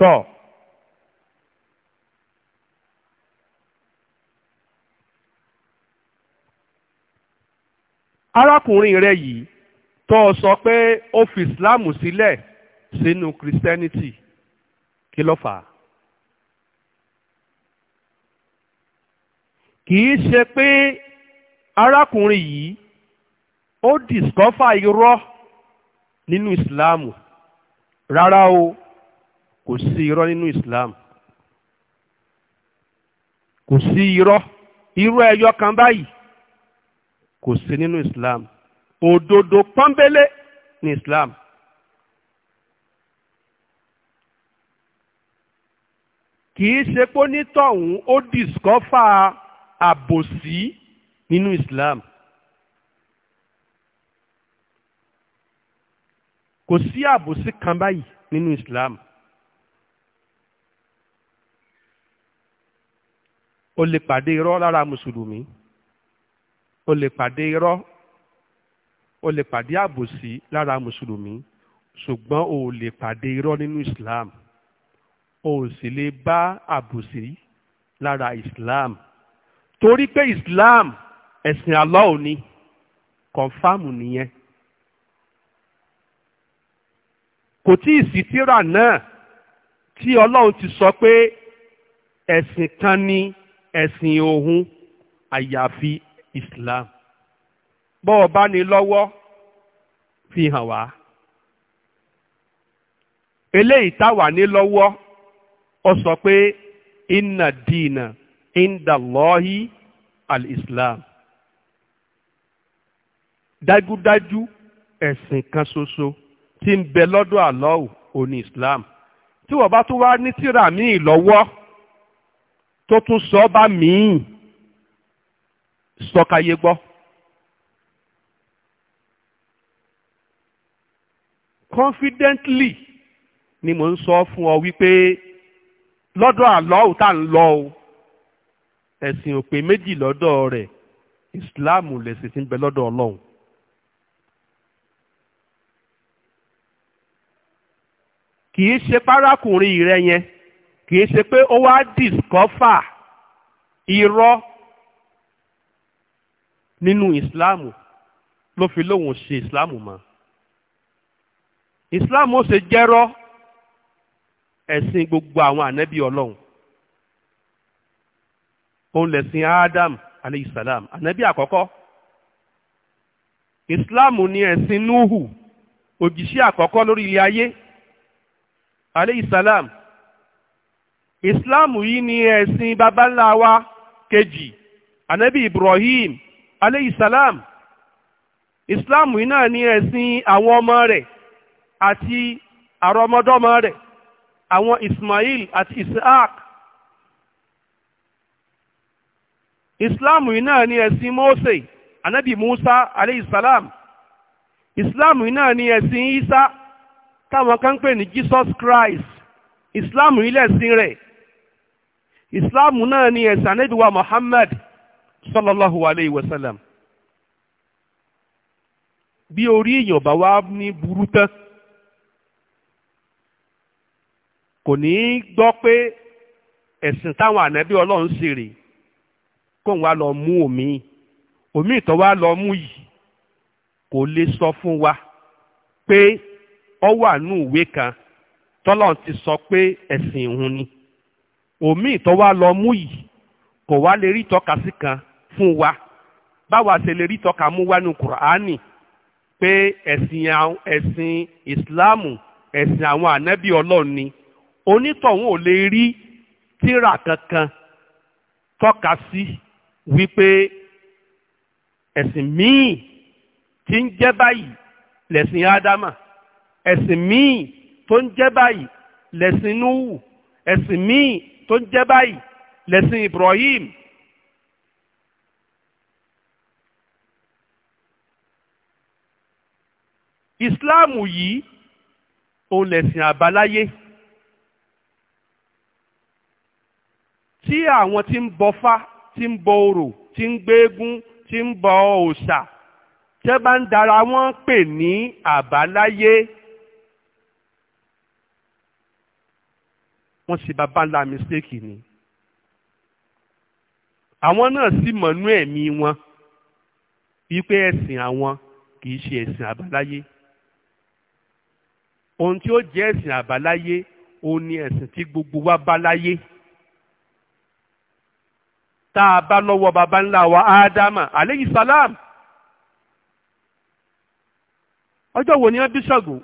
tọ́ arákùnrin rẹ yìí tó o sọ pé ó fi ìsìláàmù sílẹ̀ sínú christianity kí ló fà á. kì í ṣe pé arákùnrin yìí ó dìskọ́fà irọ́ nínú ìsìláàmù rárá o kò sí irọ́ nínú Islam kò sí irọ́ irú ẹyọ kan báyìí kò sí nínú Islam òdodo pọ́nbélé ní Islam. kìí ṣe pé onítọ̀hún ó dìskọ́fà àbòsí nínú Islam. kò sí àbòsí kan báyìí nínú Islam. o lè pàdé irọ́ lára mùsùlùmí o lè pàdé irọ́ o lè pàdé àbòsí lára mùsùlùmí ṣùgbọ́n o lè pàdé irọ́ nínú Islam o sì lè bá àbòsí lára Islam torí pé Islam ẹ̀sìn Allah ni kọ̀ǹfàmù nìyẹn kò tí ì sí tírà náà tí Ọlọ́run ti sọ pé ẹ̀sìn kan ni ẹ̀sìn òun àyàfi Islam bọ́ ọ lọ́wọ́ fi hàn wá eléyìí táwa ní lọ́wọ́ ọ sọ pé inna dina indallahi al-Islam dájúdájú ẹ̀sìn kan ṣoṣo ti ń bẹ lọ́dọ̀ àlọ́ọ̀ òní Islam tí wọ́n bá tún wá ní tírà míì lọ́wọ́ tó tún sọ bá míì sọkàyé gbọ́. confidently ni mo ń sọ fún ọ wípé lọ́dọ̀ àlọ́hùn tá à ń lọ o ẹ̀sìn òpè méjì lọ́dọ̀ rẹ̀ ìsìláàmù lẹ̀sìn tí ń bẹ lọ́dọ̀ ọlọ́run. kì í ṣe párákùnrin rẹ yẹn kìí ṣe pé ó wá dìskọ́fà irọ́ nínú ìsìláàmù ló fi lóun ṣe ìsìláàmù mọ́ ìsìláàmù ó ṣe jẹ́rọ́ ẹ̀sìn gbogbo àwọn ànábì ọlọ́run òun lẹ̀sìn Adam aleyhisalaam ànábì àkọ́kọ́ ìsìláàmù ni ẹ̀sìn Nuhu òjìṣẹ́ àkọ́kọ́ lórí ilé ayé aleyhisalaam islam yìí ni ẹ̀sìn baba ńlá wa kejì anabi ibrahim aleyhisalam islam yìí náà ni ẹ̀sìn àwọn ọmọ rẹ̀ àti àrọmọdọ́mọ rẹ̀ àwọn ismail àti isaac islam yìí náà ni ẹ̀sìn mose anabi musa aleyhisalam islam yìí náà ni ẹ̀sìn isa táwọn kan pè ní jesus christ islam yìí lẹ̀sìn rẹ̀ islam náà ni ẹ̀sìn anábìwá Muhammad sallallahu alayhi wa sallam bí orí èèyàn bá wá ní burú tán kò ní í gbọ́ pé ẹ̀sìn táwọn ànábì ọlọ́run ṣe rè kóun wá lọ mú omi omi ìtọ́ wá lọ mú yìí kò lè sọ fún wa pé ọ wà nù ìwé kan tọ́lọ́run ti sọ pé ẹ̀sìn ìhun ni. òmíì tó wá lọ mú yìí kò wá lè rí tọ́ka sí kan fún wa báwa ṣe lè rí tọ́ka mú wá ní kùránì pé ẹ̀sìn ẹ̀sìn ìsìláàmù ẹ̀sìn àwọn ànábì ọlọ́run ni onítọ̀hún ò lè rí tírà kankan tọ́ka sí wípé ẹ̀sìn míì tí ń jẹ́ báyìí lẹ̀sìn ádámà ẹ̀sìn míì tó ń jẹ́ báyìí lẹ̀sìn núhù ẹ̀sìn míì tó ń jẹ́ báyìí lẹ́sìn Ibrahim Islam yìí òun lẹ̀sìn àbáláyé tí àwọn tí ń bọfá tí ń bọ orò tí ń gbéégún tí ń bọ òòṣà tẹ́ bá ń dara wọ́n pè ní àbáláyé. wọ́n ṣe bàbá ńlá mistake ni àwọn náà sì mọ̀nú ẹ̀mí wọn wípé ẹ̀sìn àwọn kì í ṣe ẹ̀sìn àbáláyé ohun tí ó jẹ́ ẹ̀sìn àbáláyé òun ni ẹ̀sìn tí gbogbo wa bá láyé tá a bá lọ́wọ́ baba ńlá wa ádámà aleyhi salam ọjọ́ wo ni wọ́n bí Ṣàngó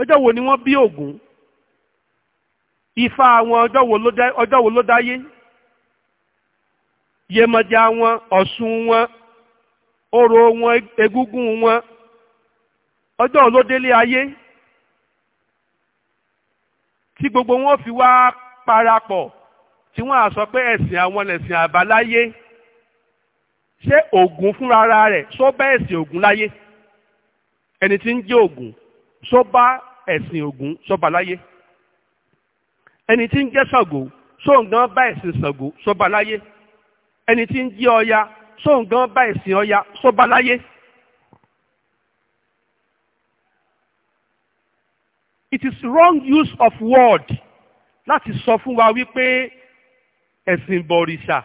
ọjọ́ wo ni wọ́n bí Ògún ifá àwọn ọjọ́ wo ló dáyé yemọja wọn ọ̀ṣun wọn orò wọn egungun wọn ọjọ́ wo ayé tí gbogbo wọn fi wá parapọ̀ tí wọ́n á sọ pé ẹ̀sìn àwọn lẹ̀sìn àbáláyé ṣé Ògún fúnra rẹ̀ sọ bá ẹ̀sìn Ògún láyé ẹni tí ń jẹ́ Ògún sọ bá ẹ̀sìn Ògún sọ bá láyé. ẹni tí ń jẹ́ Ṣàngó sóun gan bá ẹ̀sìn Ṣàngó sọba láyé ẹni tí ń jẹ́ Ọya sóun gan bá ẹ̀sìn Ọya sọba It is wrong use of word láti sọ fún wa wípé ẹ̀sìn bọ̀rìṣà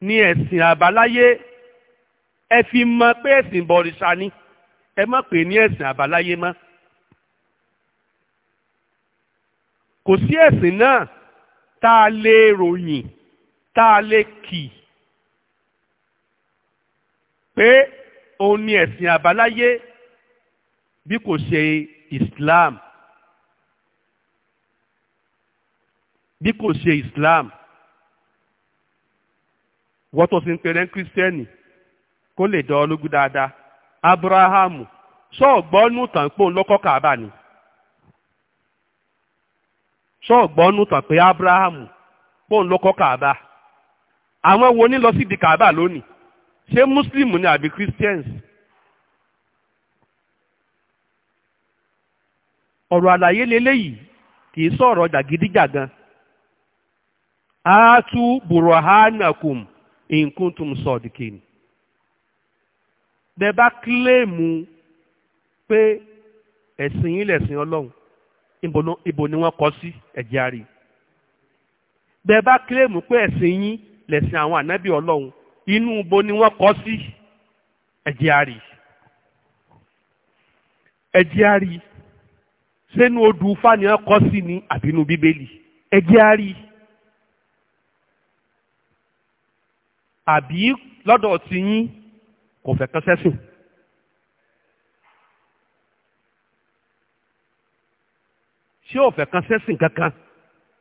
ni ẹ̀sìn àbáláyé ẹ fi mọ̀ pé ẹ̀sìn bọ̀rìṣà ni ẹ má pè ní ẹ̀sìn àbáláyé mọ́. kò sí ẹ̀sìn náà tá a lè ròyìn tá a lè kì pé òun ni ẹ̀sìn àbáláyé bí kò ṣe Islam bí kò ṣe Islam wọ́n tó ti ń pèrè ń kírísítẹ́nì kó lè dán ọ dáadáa Abrahamu sọ̀gbọ́nù tàn pé òun lọ́kọ́ ni. ṣọ́ọ̀gbọ́nú tàn pé Ábúráhámù pòun ló kàbá àwọn wo ní lọ sí di kàbá lónìí ṣé muslim ni àbí christians ọ̀rọ̀ àlàyé leléyìí kì í sọ̀rọ̀ jàgídíjàgan aatu burahanakum in kuntum sadikin bẹ́ẹ̀ bá kílèmù pé ẹ̀sìn yín lẹ̀sìn ọlọ́run ibo ni wọ́n kọ sí ẹ̀jẹ̀ àrí bẹ́ẹ̀ bá kílèmù pé ẹ̀sìn yín lẹ̀sìn àwọn ànábì ọlọ́run inú ibo ni wọ́n kọ sí ẹ̀jẹ̀ àrí ẹ̀jẹ̀ àrí sẹ́nu odù fáníà kọ sí ni àbínú bíbélì ẹ̀jẹ̀ àrí àbí lọ́dọ̀ tí yín kò fẹ́ kan sẹ́sìn. tí ò fẹ́ kan sẹ́sìn kankan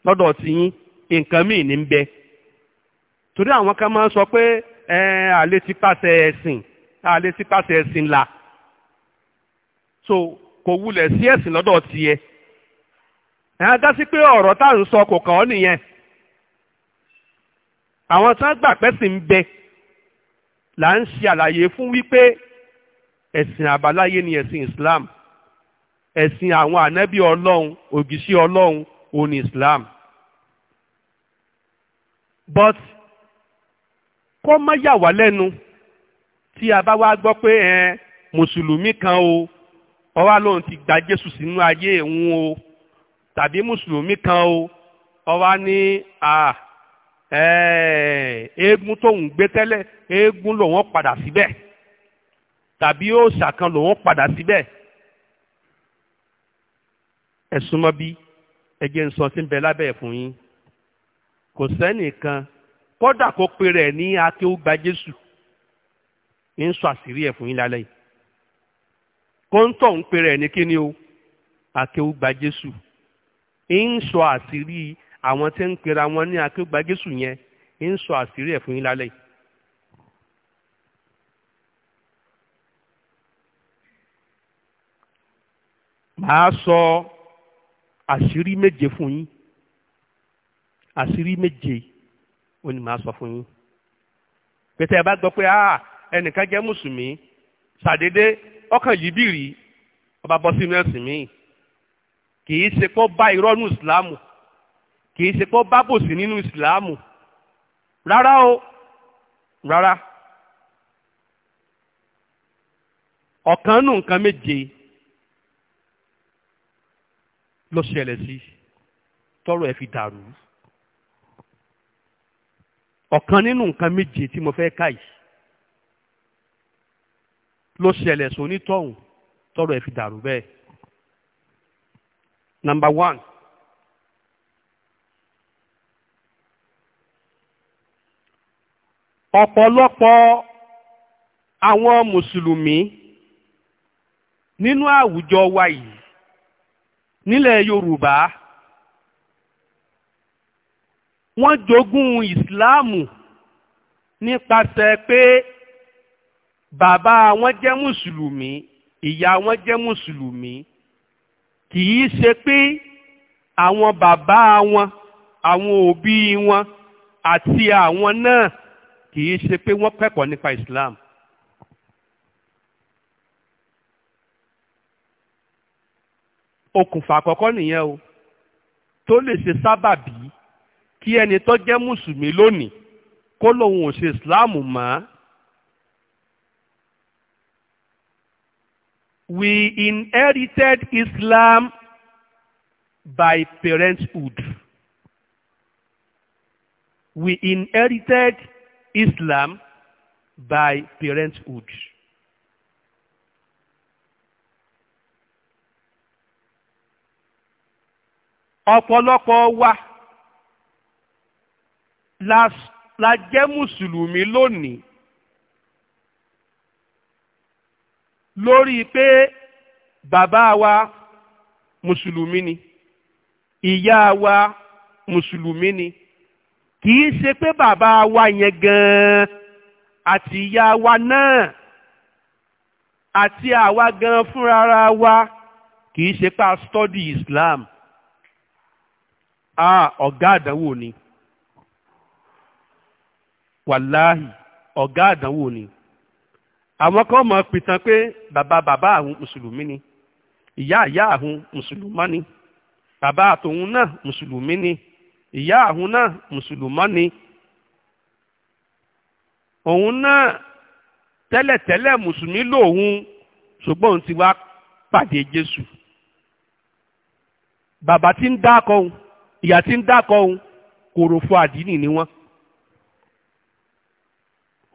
lọ́dọ̀ ti yín nǹkan míì ní ń bẹ torí àwọn kan máa ń sọ pé ẹ àlè ti pàṣẹ ẹ̀sìn àlè ti pàṣẹ ẹ̀sìn là so kò wulẹ̀ sí ẹ̀sìn lọ́dọ̀ tiẹ̀ ẹ̀ á dá sí pé ọ̀rọ̀ tá à ń sọ kò kàn ọ́ nìyẹn àwọn tí wọ́n gbà pẹ́sìn ń bẹ là ń ṣe àlàyé fún wípé ẹ̀sìn àbáláyé ni ẹ̀sìn Islam ẹ̀sìn àwọn ànábì ọlọ́run ògìṣẹ́ ọlọ́run òní Islam but kó má yà wá lẹ́nu tí a bá wá gbọ́ pé ẹ mùsùlùmí kan o ọwá lòun ti gba Jésù sínú ayé òun o tàbí mùsùlùmí kan o ọwá ní à eégún tóun gbé tẹ́lẹ̀ eégún lòun padà síbẹ̀ tàbí òòṣà kan lòun padà síbẹ̀ ẹ súnmọ́ bí ẹ jẹ́ ń sọ tí ń bẹ lábẹ́ ẹ̀ fún yín kò sẹ́nìkan kódà kó pe rẹ̀ ní akéwú gba Jésù ń sọ àṣírí ẹ̀ fún yín lálẹ́ yìí kóńtọ̀ ń pe rẹ̀ ní kíni o akéwú gba Jésù ń sọ àṣírí àwọn tí ń pera wọn ní akéwú gba Jésù yẹn ń sọ àṣírí ẹ̀ yín lálẹ́ yìí. màá sọ. So, àṣírí méje fún yín àṣírí méje ó ní màá sọ fún yín pété ẹ bá gbọ́ pé ẹnìkan jẹ́ mùsùlùmí ṣàdédé ọkàn yìí bìrì ọba bọ́ sínú ẹ̀sìn míì kì í ṣe pọ́ bá irọ́ ìsìláàmù kì í ṣe pọ́ bá bòsí nínú ìsìláàmù rárá o rárá ọ̀kan nù nǹkan méje ló ṣẹlẹ̀ sí tọ́rọ̀ ẹ̀ fi dàrú ọ̀kan nínú nǹkan méje tí mo fẹ́ kà yìí ló ṣẹlẹ̀ sónítọ̀hún tọ́rọ̀ ẹ̀ fi dàrú bẹ́ẹ̀ number one ọ̀pọ̀lọpọ̀ àwọn mùsùlùmí nínú àwùjọ wa yìí nílẹ̀ Yorùbá wọ́n jogún ìsìláàmù nípasẹ̀ pé bàbá wọn jẹ́ mùsùlùmí ìyá wọn jẹ́ mùsùlùmí kì í ṣe pé àwọn bàbá wọn àwọn òbí wọn àti àwọn náà kì í ṣe pé wọ́n kẹ́kọ̀ọ́ nípa Islam okùnfà àkọ́kọ́ nìyẹn o tó lè ṣe sábàbí kí ẹni tó jẹ́ mùsùlùmí lónìí kó lòun ò ṣe islam mọ́. we inherited islam by parenthood. we inherited islam by parenthood. ọ̀pọ̀lọpọ̀ wa la jẹ́ mùsùlùmí lónìí lórí pé bàbá wa mùsùlùmí ni ìyá wa mùsùlùmí ni kì í ṣe pé bàbá wa yẹn gan-an àti ìyá wa náà àti àwa gan fúnra wa kì í ṣe pa study Islam a ọ̀gá àdánwò ni wàláhì ọ̀gá àdánwò ni àwọn kan mọ̀ pìtàn pé bàbá bàbá àwọn mùsùlùmí ni ìyá ìyá àwọn mùsùlùmá ni bàbá àtòun náà mùsùlùmí ni ìyá àwọn náà mùsùlùmá ni òun náà tẹ́lẹ̀tẹ́lẹ̀ mùsùlùmí lòun ṣùgbọ́n òun ti wá pàdé Jésù bàbá tí ń dákọ̀ òun ìyá tí ń dákọ̀ òun fún àdínì ni wọ́n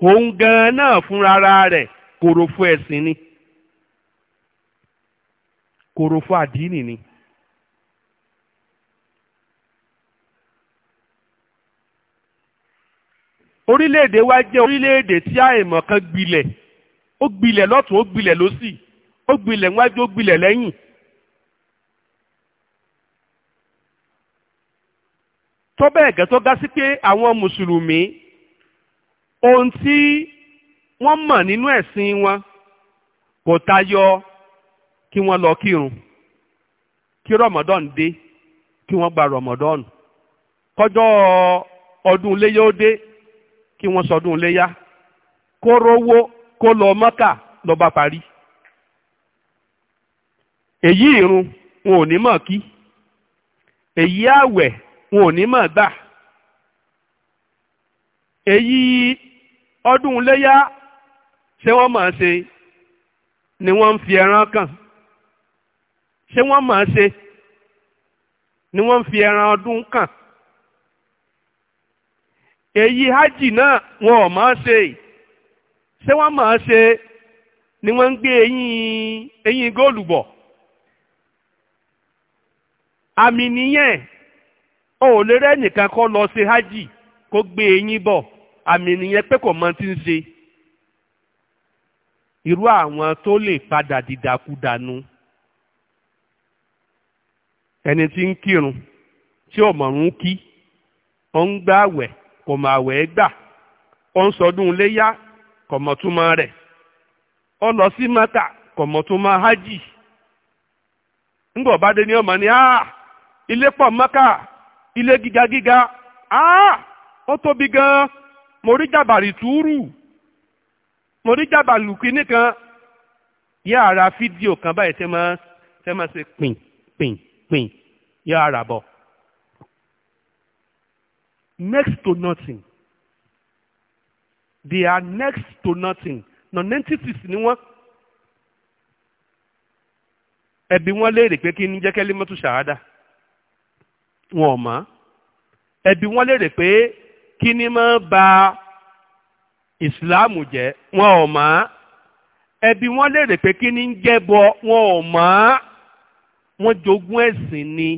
òun gan-an náà fúnra rẹ̀ fún ẹ̀sìn ni kòròfo àdínì ni. orílẹ̀-èdè wa jẹ́ orílẹ̀-èdè tí àìmọ̀ kan gbilẹ̀ ó gbilẹ̀ lọ́tún ó gbilẹ̀ lósì ó gbilẹ̀ níwájú ó gbilẹ̀ lẹ́yìn tó bẹ́ẹ̀ gẹ́ tó ga sí pé àwọn mùsùlùmí ohun tí wọ́n mọ̀ nínú ẹ̀sìn wọn kò tayọ kí wọ́n lọ kírun kí rọmọdọ́n dé kí wọ́n gba rọmọdọ́n kọjọ́ ọdún iléyà ó dé kí wọ́n sọdún iléyà kó rówó kó lọ mọ́kà ló parí èyí ìrun wọn ò ní mọ̀ kí èyí àwẹ̀ wọn ò ní mọ̀ gbà èyí ọdún léyà ṣé wọ́n mọ̀ ṣe ni wọ́n ń fi ẹran kàn ṣé wọ́n mọ̀ ṣe ni wọ́n ń fi ẹran ọdún kàn èyí hajj náà wọn ò mọ̀ ṣe ṣé wọ́n mọ̀ ṣe ni wọ́n ń gbé eyín eyín góòlù bọ̀ àmì nìyẹn o ò lè rẹ́ nìkan kọ́ lọ ṣe hajj kó gbé eyín bọ̀ àmì nìyẹn pé kò mọ ti ń ṣe irú àwọn tó lè padà dìdàkudànu ẹni tí ń kírun tí ò mọ̀rún kí ó ń gbá àwẹ̀ kò mọ̀ àwẹ̀ gbà ó ń sọdún léyá kò mọ̀ túmọ̀ rẹ̀ ó lọ sí mọ́tà kò mọ̀ túmọ̀ hajj ńgbọ̀ bá dé ní ọmọ ni ilé pọ̀ mọ́kà ilé gíga gíga ah ó tóbi gan mo rí jàbàrí túrú mo rí jàbàlù kínní kan yá ara fídíò kan báyìí tẹ́ máa tẹ́ máa ṣe pìn pìn pìn yá ara bọ̀ next to nothing they are next to nothing non-entities ni wọ́n ẹbí wọn léèrè pé kí ni jẹ́ kẹ́lí mọ́tò ṣàhádà wọn ò mọ̀ ẹbí wọn léèrè pé kí ni máa ba ìsìláàmù jẹ́ wọn ò mọ̀ ẹbí wọn léèrè pé kí ni ń jẹ́bọ wọn ò mọ̀ wọ́n jogún ẹ̀sìn ni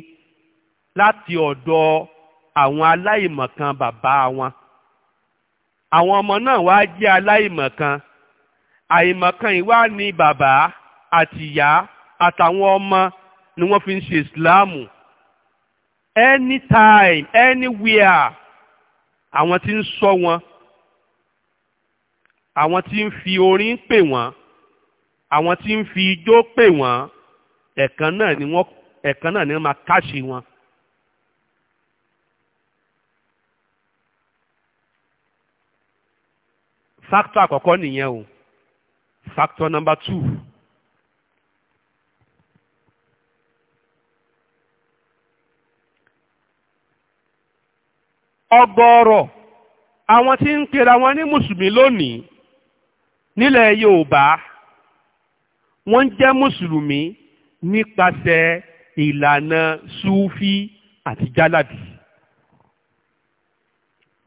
láti ọ̀dọ̀ àwọn aláìmọ̀kan bàbá wọn àwọn ọmọ náà wá jẹ́ aláìmọ̀kan àìmọ̀kan ìwá ni bàbá àtìyá àtàwọn ọmọ ni wọ́n fi ń ṣe ìsìláàmù. anytime anywhere àwọn tí ń sọ wọn àwọn tí ń fi orin pè wọn àwọn tí ń fi ijó pè wọn ẹ̀kan náà ni wọ́n ẹ̀kan náà ni wọ́n máa káṣí wọn. factor àkọ́kọ́ nìyẹn o factor number two. ọ̀gọ̀ọ̀rọ̀ àwọn tí ń pera wọn ní mùsùlùmí lónìí nílẹ̀ Yorùbá wọ́n jẹ́ mùsùlùmí nípasẹ̀ ìlànà Súfí àti Jálàbí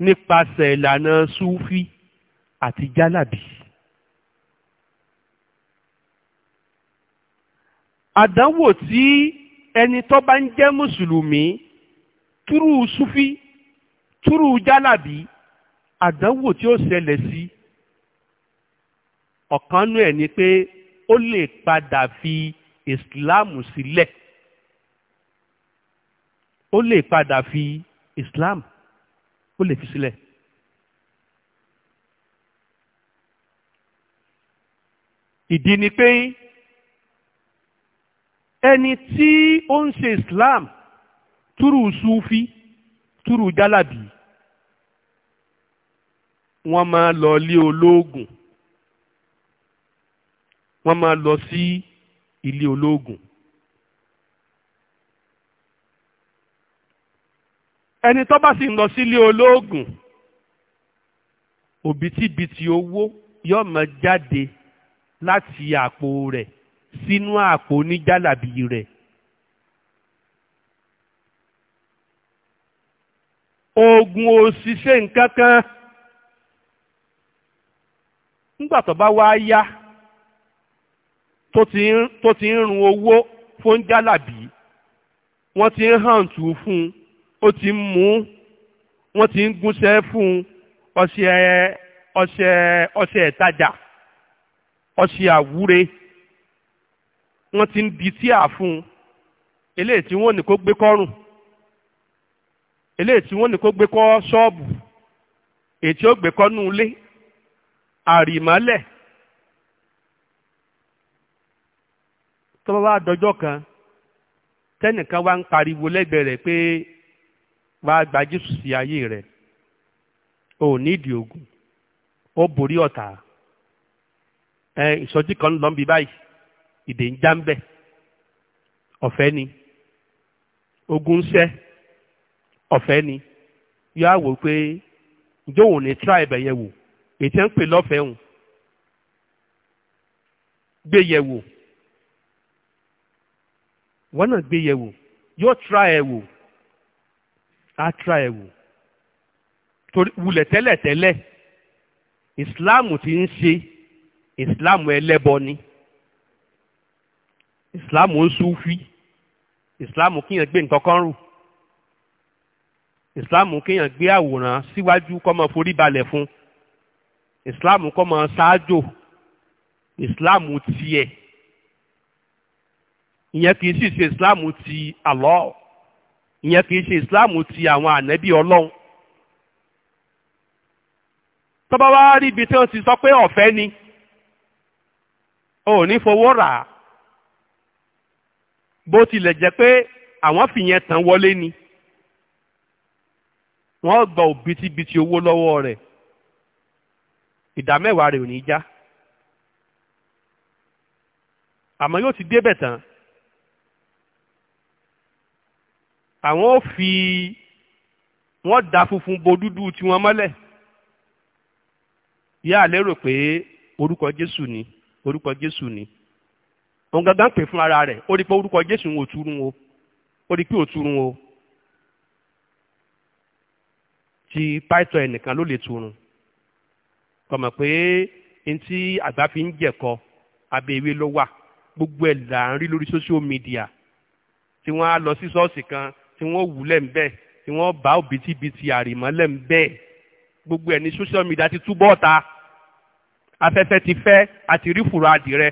nípasẹ̀ ìlànà Súfí àti Jálàbí. àdánwò tí ẹni tó bá ń jẹ́ mùsùlùmí túrú Súfí túrú jálàbí àdánwò tí ó ṣẹlẹ̀ sí ọ̀kanú ẹ̀ ni pé ó lè padà fi ìsìláàmù sílẹ̀ ó lè padà fi ìsìláàmù ó lè fi sílẹ̀. ìdí ni pé ẹni tí ó ń ṣe islam túrú sufi sùtúrù jálàbí wọ́n máa lọ lé olóògùn wọ́n máa lọ sí ilé olóògùn. ẹni tó bá sì ń lọ sílé olóògùn òbítíbitì owó yóò máa jáde láti àpò rẹ̀ sínú àpò oníjálàbí rẹ̀. oògùn ò ṣiṣẹ́ nǹkan kan nígbà tó bá wá yá tó ti ń run owó fún jálàbí wọ́n ti ń hàn tù fún un ó ti ń mú wọ́n ti ń gúnṣẹ́ fún ọṣẹ ọṣẹ ọṣẹ ìtajà ọṣẹ àwúre wọ́n ti ń di tíà fún eléyìí tí wọ́n ní kó gbé kọ́rùn eléyìí tí wọ́n ní kó gbé kọ́ ṣọ́ọ̀bù èyí tí ó gbé kọ́ kan tẹ́nìkan wá ń pariwo lẹ́gbẹ̀ẹ́ rẹ̀ pé wá gba Jésù sí ayé rẹ̀ ò kan lọ́n bí báyìí ìdè ń já ń ogun ń ọ̀fẹ́ ni yóò wò pé ǹjẹ́ òun ní tíra ẹ̀bẹ̀ yẹn wò ètí ẹ̀ ń pè lọ́fẹ̀ẹ́ hùn gbé yẹ̀ wò wọ́n náà gbé yẹ̀ wò yóò tíra ẹ̀ wò á tíra ẹ̀ wò torí wulẹ̀ tẹ́lẹ̀ tẹ́lẹ̀ ìsìláàmù ti ń ṣe ìsìláàmù ẹlẹ́bọ ni ìsìláàmù ń súfí ìsìláàmù kíyàn gbé nǹkan kan rù. Islam kéèyàn gbé àwòrán síwájú kó máa forí balẹ̀ fún Islam kó máa ṣáájò ìsìláàmù tiẹ̀ ìyẹn kì í sì ṣe ìsìláàmù ti Allah ìyẹn kì í ṣe ìsìláàmù ti àwọn ànábì ọlọ́run tọ́ba wá rí tí wọ́n ti sọ pé ọ̀fẹ́ ni ò ní fowó rà á bó tilẹ̀ jẹ́ pé àwọn fìyẹn tàn wọlé ni wọ́n gba òbítíbitì owó lọ́wọ́ rẹ̀ ìdá mẹ́wàá rẹ̀ ò ní já àmọ́ yóò ti débẹ̀ tán àwọn ò fi wọ́n da funfun bo dúdú tiwọn mọ́lẹ̀ yá lérò pé orúkọ Jésù ni orúkọ Jésù ni òun gangan pè fún ara rẹ̀ ó rí pé orúkọ Jésù ń òtúrún o ó rí pé òtúrún o ti python nìkan ló lè turun kọmọ pé n tí àgbà fi ń jẹ̀kọ abẹ́ ewé ló wà gbogbo ẹ̀ là ń rí lórí social media tí wọ́n á lọ sí ṣọ́ọ̀ṣì kan tí wọ́n wúlẹ̀ ń bẹ̀ tí wọ́n bá òbítíbitì àrìmọ́lẹ̀ ń bẹ̀ gbogbo ẹ̀ ní social media ti túbọ̀ ta afẹ́fẹ́ ti fẹ́ àti rí fùrọ̀ adìrẹ